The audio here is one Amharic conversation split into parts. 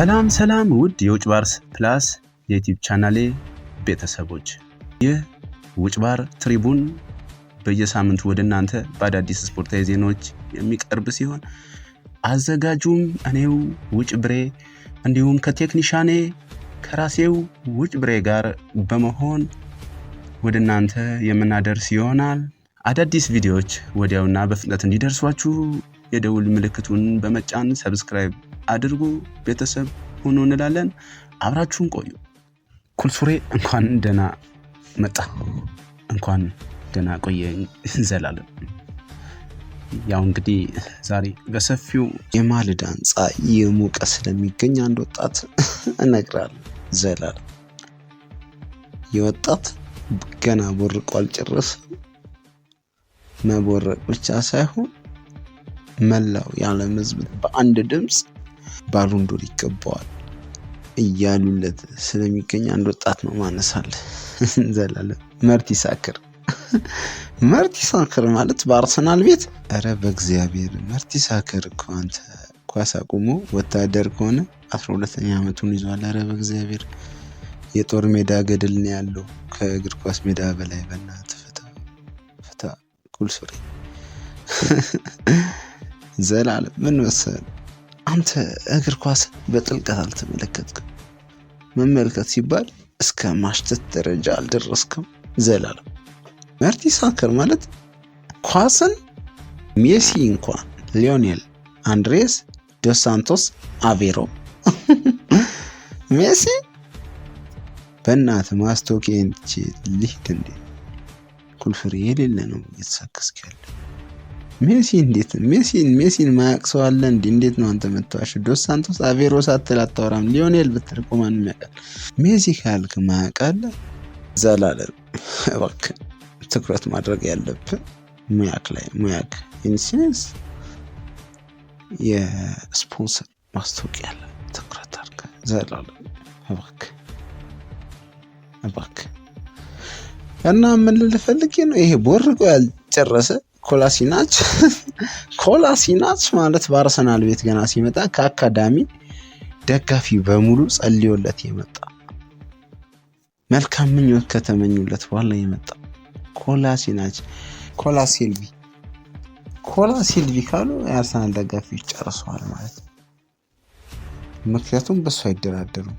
ሰላም ሰላም ውድ የውጭ ባር ፕላስ የዩቲዩብ ቻናሌ ቤተሰቦች፣ ይህ ውጭ ባር ትሪቡን በየሳምንቱ ወደ እናንተ በአዳዲስ ስፖርታዊ ዜናዎች የሚቀርብ ሲሆን አዘጋጁም እኔው ውጭ ብሬ እንዲሁም ከቴክኒሻኔ ከራሴው ውጭ ብሬ ጋር በመሆን ወደ እናንተ የምናደርስ ይሆናል። አዳዲስ ቪዲዮዎች ወዲያውና በፍጥነት እንዲደርሷችሁ የደውል ምልክቱን በመጫን ሰብስክራይብ አድርጉ ቤተሰብ ሁኑ እንላለን። አብራችሁን ቆዩ። ኩልሱሬ እንኳን ደህና መጣ፣ እንኳን ደህና ቆየ እንዘላለን። ያው እንግዲህ ዛሬ በሰፊው የማልዳ ህንፃ የሞቀ ስለሚገኝ አንድ ወጣት እነግራለሁ። ዘላል የወጣት ገና ቦርቆ አልጨረሰም። መቦረቅ ብቻ ሳይሆን መላው የዓለም ህዝብ በአንድ ድምፅ ዶር ይገባዋል እያሉለት ስለሚገኝ አንድ ወጣት ነው ማነሳል እንዘላለን። መርቲሳክር መርቲሳክር ማለት በአርሰናል ቤት እረ በእግዚአብሔር መርቲሳክር እኮ አንተ ኳስ አቁሞ ወታደር ከሆነ አስራ ሁለተኛ ዓመቱን ይዟል። ረ በእግዚአብሔር የጦር ሜዳ ገድል ነው ያለው ከእግር ኳስ ሜዳ በላይ። በእናትህ ፍታ ፍታ ኩል ዘላለም ምን መሰል አንተ እግር ኳስ በጥልቀት አልተመለከትክም። መመልከት ሲባል እስከ ማሽተት ደረጃ አልደረስክም። ዘላለም ሳከር ማለት ኳስን ሜሲ እንኳን ሊዮኔል አንድሬስ ዶስ ሳንቶስ አቬሮ ሜሲ በእናት ማስቶኬንቼ ንቼ ልሂድ እንዴ? ኩልፍሬ የሌለ ነው እየተሳከስክ ያለ ሜሲ እንዴት ሜሲን ሜሲን ማያቅ ሰው አለ? እንዲ እንዴት ነው አንተ መተዋሽ? ዶስ ሳንቶስ አቬሮ አትል አታወራም። ሊዮኔል ብትል እኮ ማንም ያውቃል። ሜሲ ካልክ ማያቅ አለ? ዘላለም እባክህ ትኩረት ማድረግ ያለብህ ሙያክ ላይ ሙያክ ኢንሲንስ የስፖንሰር ማስታወቂያ ላይ ትኩረት አድርገህ ዘላለም እባክህ እባክህ እና ምን ልፈልግ ነው ይሄ ቦርቆ ያልጨረሰ ኮላሲናች ኮላሲናች ማለት በአርሰናል ቤት ገና ሲመጣ ከአካዳሚ ደጋፊ በሙሉ ጸልዮለት የመጣ መልካም ምኞት ከተመኙለት በኋላ የመጣ ኮላሲናች ኮላ ሲልቪ ካሉ የአርሰናል ደጋፊ ጨርሰዋል ማለት ነው። ምክንያቱም በሱ አይደራደሩም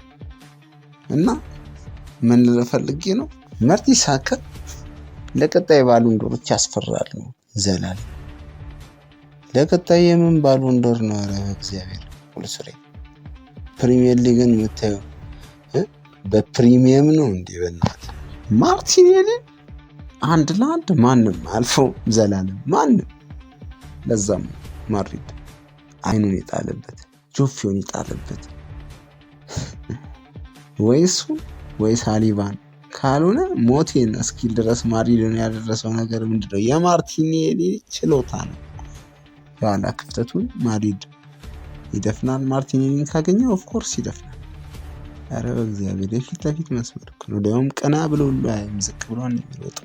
እና ምን ፈልጌ ነው መርቲ ሳካ ለቀጣይ ባሉ እንዶሮች ያስፈራል ነው ዘላለም ለቀጣይ የምን ባሉን ዶር ነው? ኧረ በእግዚአብሔር ቁልስሬ ፕሪሚየር ሊግን የምታየው በፕሪሚየም ነው እንዴ? በናት ማርቲኔሊ አንድ ለአንድ ማንም አልፎ ዘላለም ማንም ለዛም ማድሪድ አይኑን የጣለበት ጆፊውን የጣለበት ወይሱ ወይ ሳሊባን ካልሆነ ሞቴን እስኪል ድረስ ማድሪድን ያደረሰው ነገር ምንድነው? ነው? የማርቲኔሊ ችሎታ ነው። የኋላ ክፍተቱን ማድሪድ ይደፍናል። ማርቲኔሊን ካገኘ ኦፍኮርስ ይደፍናል። ኧረ በእግዚአብሔር የፊት ለፊት መስመር ነው። እንዲያውም ቀና ብሎ ሁሉ ዝቅ ብሎ የሚሮጥ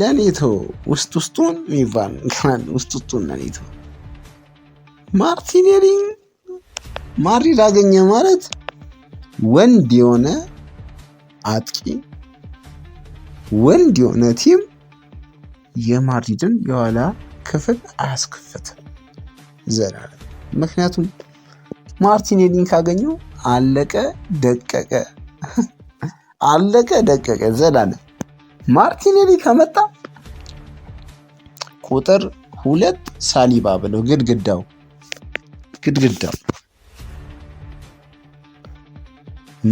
ለኔቶ ውስጥ ውስጡን የሚባል ውስጥ ውስጡን ለኔቶ ማርቲኔሊን ማድሪድ አገኘ ማለት ወንድ የሆነ አጥቂ ወንድ የሆነ ቲም የማድሪድን የኋላ ክፍል አያስከፍትም ዘላለም። ምክንያቱም ማርቲኔሊን ካገኙ አለቀ ደቀቀ፣ አለቀ ደቀቀ ዘላለም። ማርቲኔሊ ከመጣ ቁጥር ሁለት ሳሊባ ብለው ግድግዳው ግድግዳው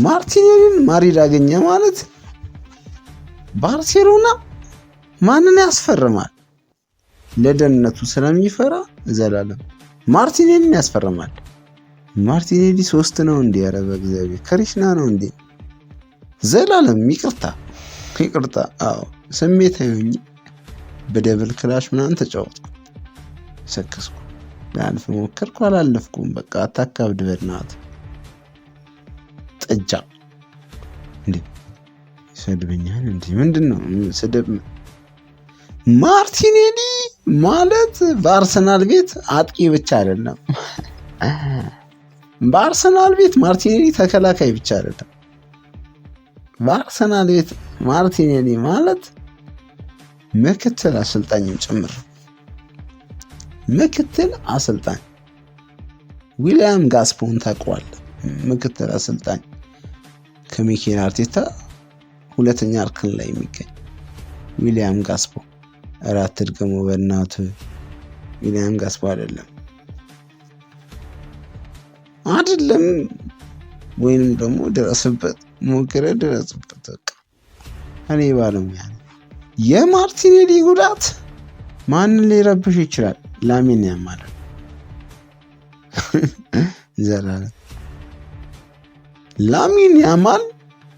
ማርቲኔሊን ማድሪድ አገኘ ማለት ባርሴሎና ማንን ያስፈርማል? ለደህንነቱ ስለሚፈራ ዘላለም ማርቲኔሊን ያስፈርማል። ማርቲኔሊ ሶስት ነው እንዴ? ኧረ በእግዚአብሔር ክሪሽና ነው እንዴ? ዘላለም ይቅርታ ይቅርታ። አዎ ስሜታዊ ሆኜ በደብል ክላሽ ምናምን ተጫወቱ ሰክስኩ። ለአልፍ ሞከርኩ አላለፍኩም። በቃ አታካብድ በናት ጠጃ ይሰድብኛል። እንዲ ምንድን ነው ስድብ? ማርቲኔሊ ማለት በአርሰናል ቤት አጥቂ ብቻ አይደለም። በአርሰናል ቤት ማርቲኔሊ ተከላካይ ብቻ አይደለም። በአርሰናል ቤት ማርቲኔሊ ማለት ምክትል አሰልጣኝም ጭምር ምክትል አሰልጣኝ ዊሊያም ጋስፖን ታውቀዋለህ? ምክትል አሰልጣኝ ከሚኬል አርቴታ ሁለተኛ እርክን ላይ የሚገኝ ዊሊያም ጋስፖ እራት ድገሞ በእናቱ ዊሊያም ጋስፖ አይደለም አይደለም ወይንም ደግሞ ደረስበት ሞክረ ደረስበት በቃ እኔ ባለሙያ የማርቲኔሊ ጉዳት ማንን ሊረብሽ ይችላል ላሚን ያማል ዘላለም ላሚን ያማል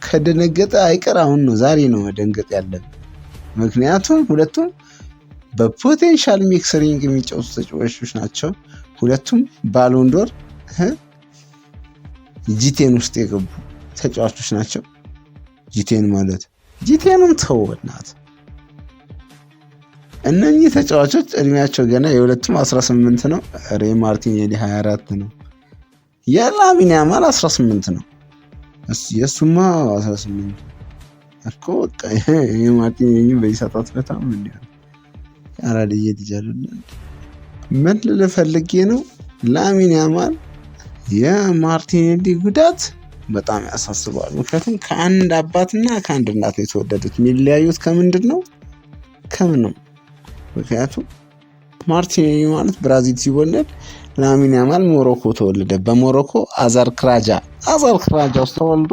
ከደነገጠ አይቀር አሁን ነው ዛሬ ነው መደንገጥ ያለን። ምክንያቱም ሁለቱም በፖቴንሻል ሚክስሪንግ የሚጫወቱ ተጫዋቾች ናቸው። ሁለቱም ባሎንዶር ጂቴን ውስጥ የገቡ ተጫዋቾች ናቸው። ጂቴን ማለት ጂቴንም ተወናት። እነኚህ ተጫዋቾች እድሜያቸው ገና የሁለቱም 18 ነው። ሬ ማርቲኔሊ 24 ነው። የላሚን ያማል 18 ነው። የእሱማ አስራ ስምንት እኮ በቃ ማርቲን በይሰጣት በጣም ምን ያህል አራድዬ ልጅ አይደለም። ምን ልልህ ነው ላሚን ያማል የማርቲኔሊ ጉዳት በጣም ያሳስባል። ምክንያቱም ከአንድ አባትና ከአንድ እናት ነው የተወለዱት። የሚለያዩት ከምንድን ነው? ከምንም። ምክንያቱም ማርቲኔሊ ማለት ብራዚል ሲወለድ ላሚን ያማል ሞሮኮ ተወለደ። በሞሮኮ አዛር ክራጃ አዛር ክራጃ ውስጥ ተወልዶ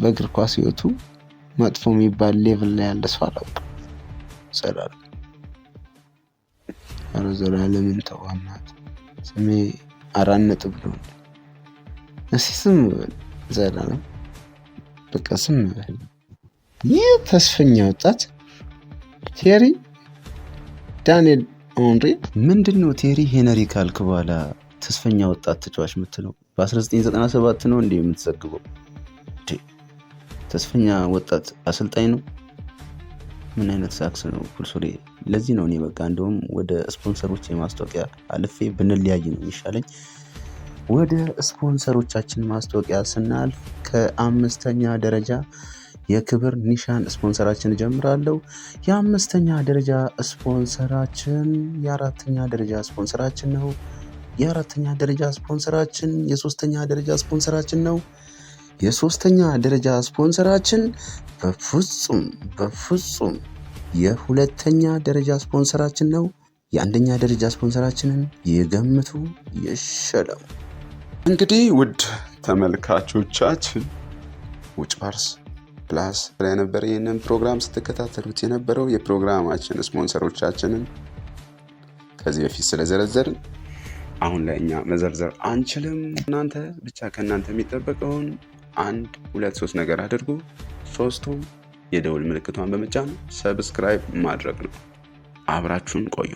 በእግር ኳስ ህይወቱ መጥፎ የሚባል ሌቭል ላይ ያለ ሰው አላውቅ። ጸዳል ኧረ ዘላለምን ተዋናት ስሜ አራት ነጥብ ነው። እስኪ ዝም በል ዘላለም፣ በቃ ስም በል። ይህ ተስፈኛ ወጣት ቴሪ ዳንኤል ኦንሪ ምንድን ነው ቴሪ ሄነሪ ካልክ በኋላ ተስፈኛ ወጣት ተጫዋች የምትለው በ1997 ነው እንዲህ የምትዘግበው? ተስፈኛ ወጣት አሰልጣኝ ነው። ምን አይነት ሳክስ ነው ኩልሱሬ? ለዚህ ነው እኔ በቃ እንደውም ወደ ስፖንሰሮች የማስታወቂያ አልፌ ብንለያይ ነው ይሻለኝ ወደ ስፖንሰሮቻችን ማስታወቂያ ስናልፍ ከአምስተኛ ደረጃ የክብር ኒሻን ስፖንሰራችን እጀምራለሁ። የአምስተኛ ደረጃ ስፖንሰራችን የአራተኛ ደረጃ ስፖንሰራችን ነው። የአራተኛ ደረጃ ስፖንሰራችን የሶስተኛ ደረጃ ስፖንሰራችን ነው። የሶስተኛ ደረጃ ስፖንሰራችን በፍጹም በፍጹም የሁለተኛ ደረጃ ስፖንሰራችን ነው። የአንደኛ ደረጃ ስፖንሰራችንን የገምቱ ይሸለሙ። እንግዲህ ውድ ተመልካቾቻችን ውጭ ፓርስ ፕላስ ላይ ነበር ይህንን ፕሮግራም ስትከታተሉት የነበረው። የፕሮግራማችን ስፖንሰሮቻችንን ከዚህ በፊት ስለዘረዘርን አሁን ላይ እኛ መዘርዘር አንችልም። እናንተ ብቻ ከእናንተ የሚጠበቀውን አንድ ሁለት ሶስት ነገር አድርጉ። ሶስቱም የደውል ምልክቷን በመጫን ሰብስክራይብ ማድረግ ነው። አብራችሁን ቆዩ።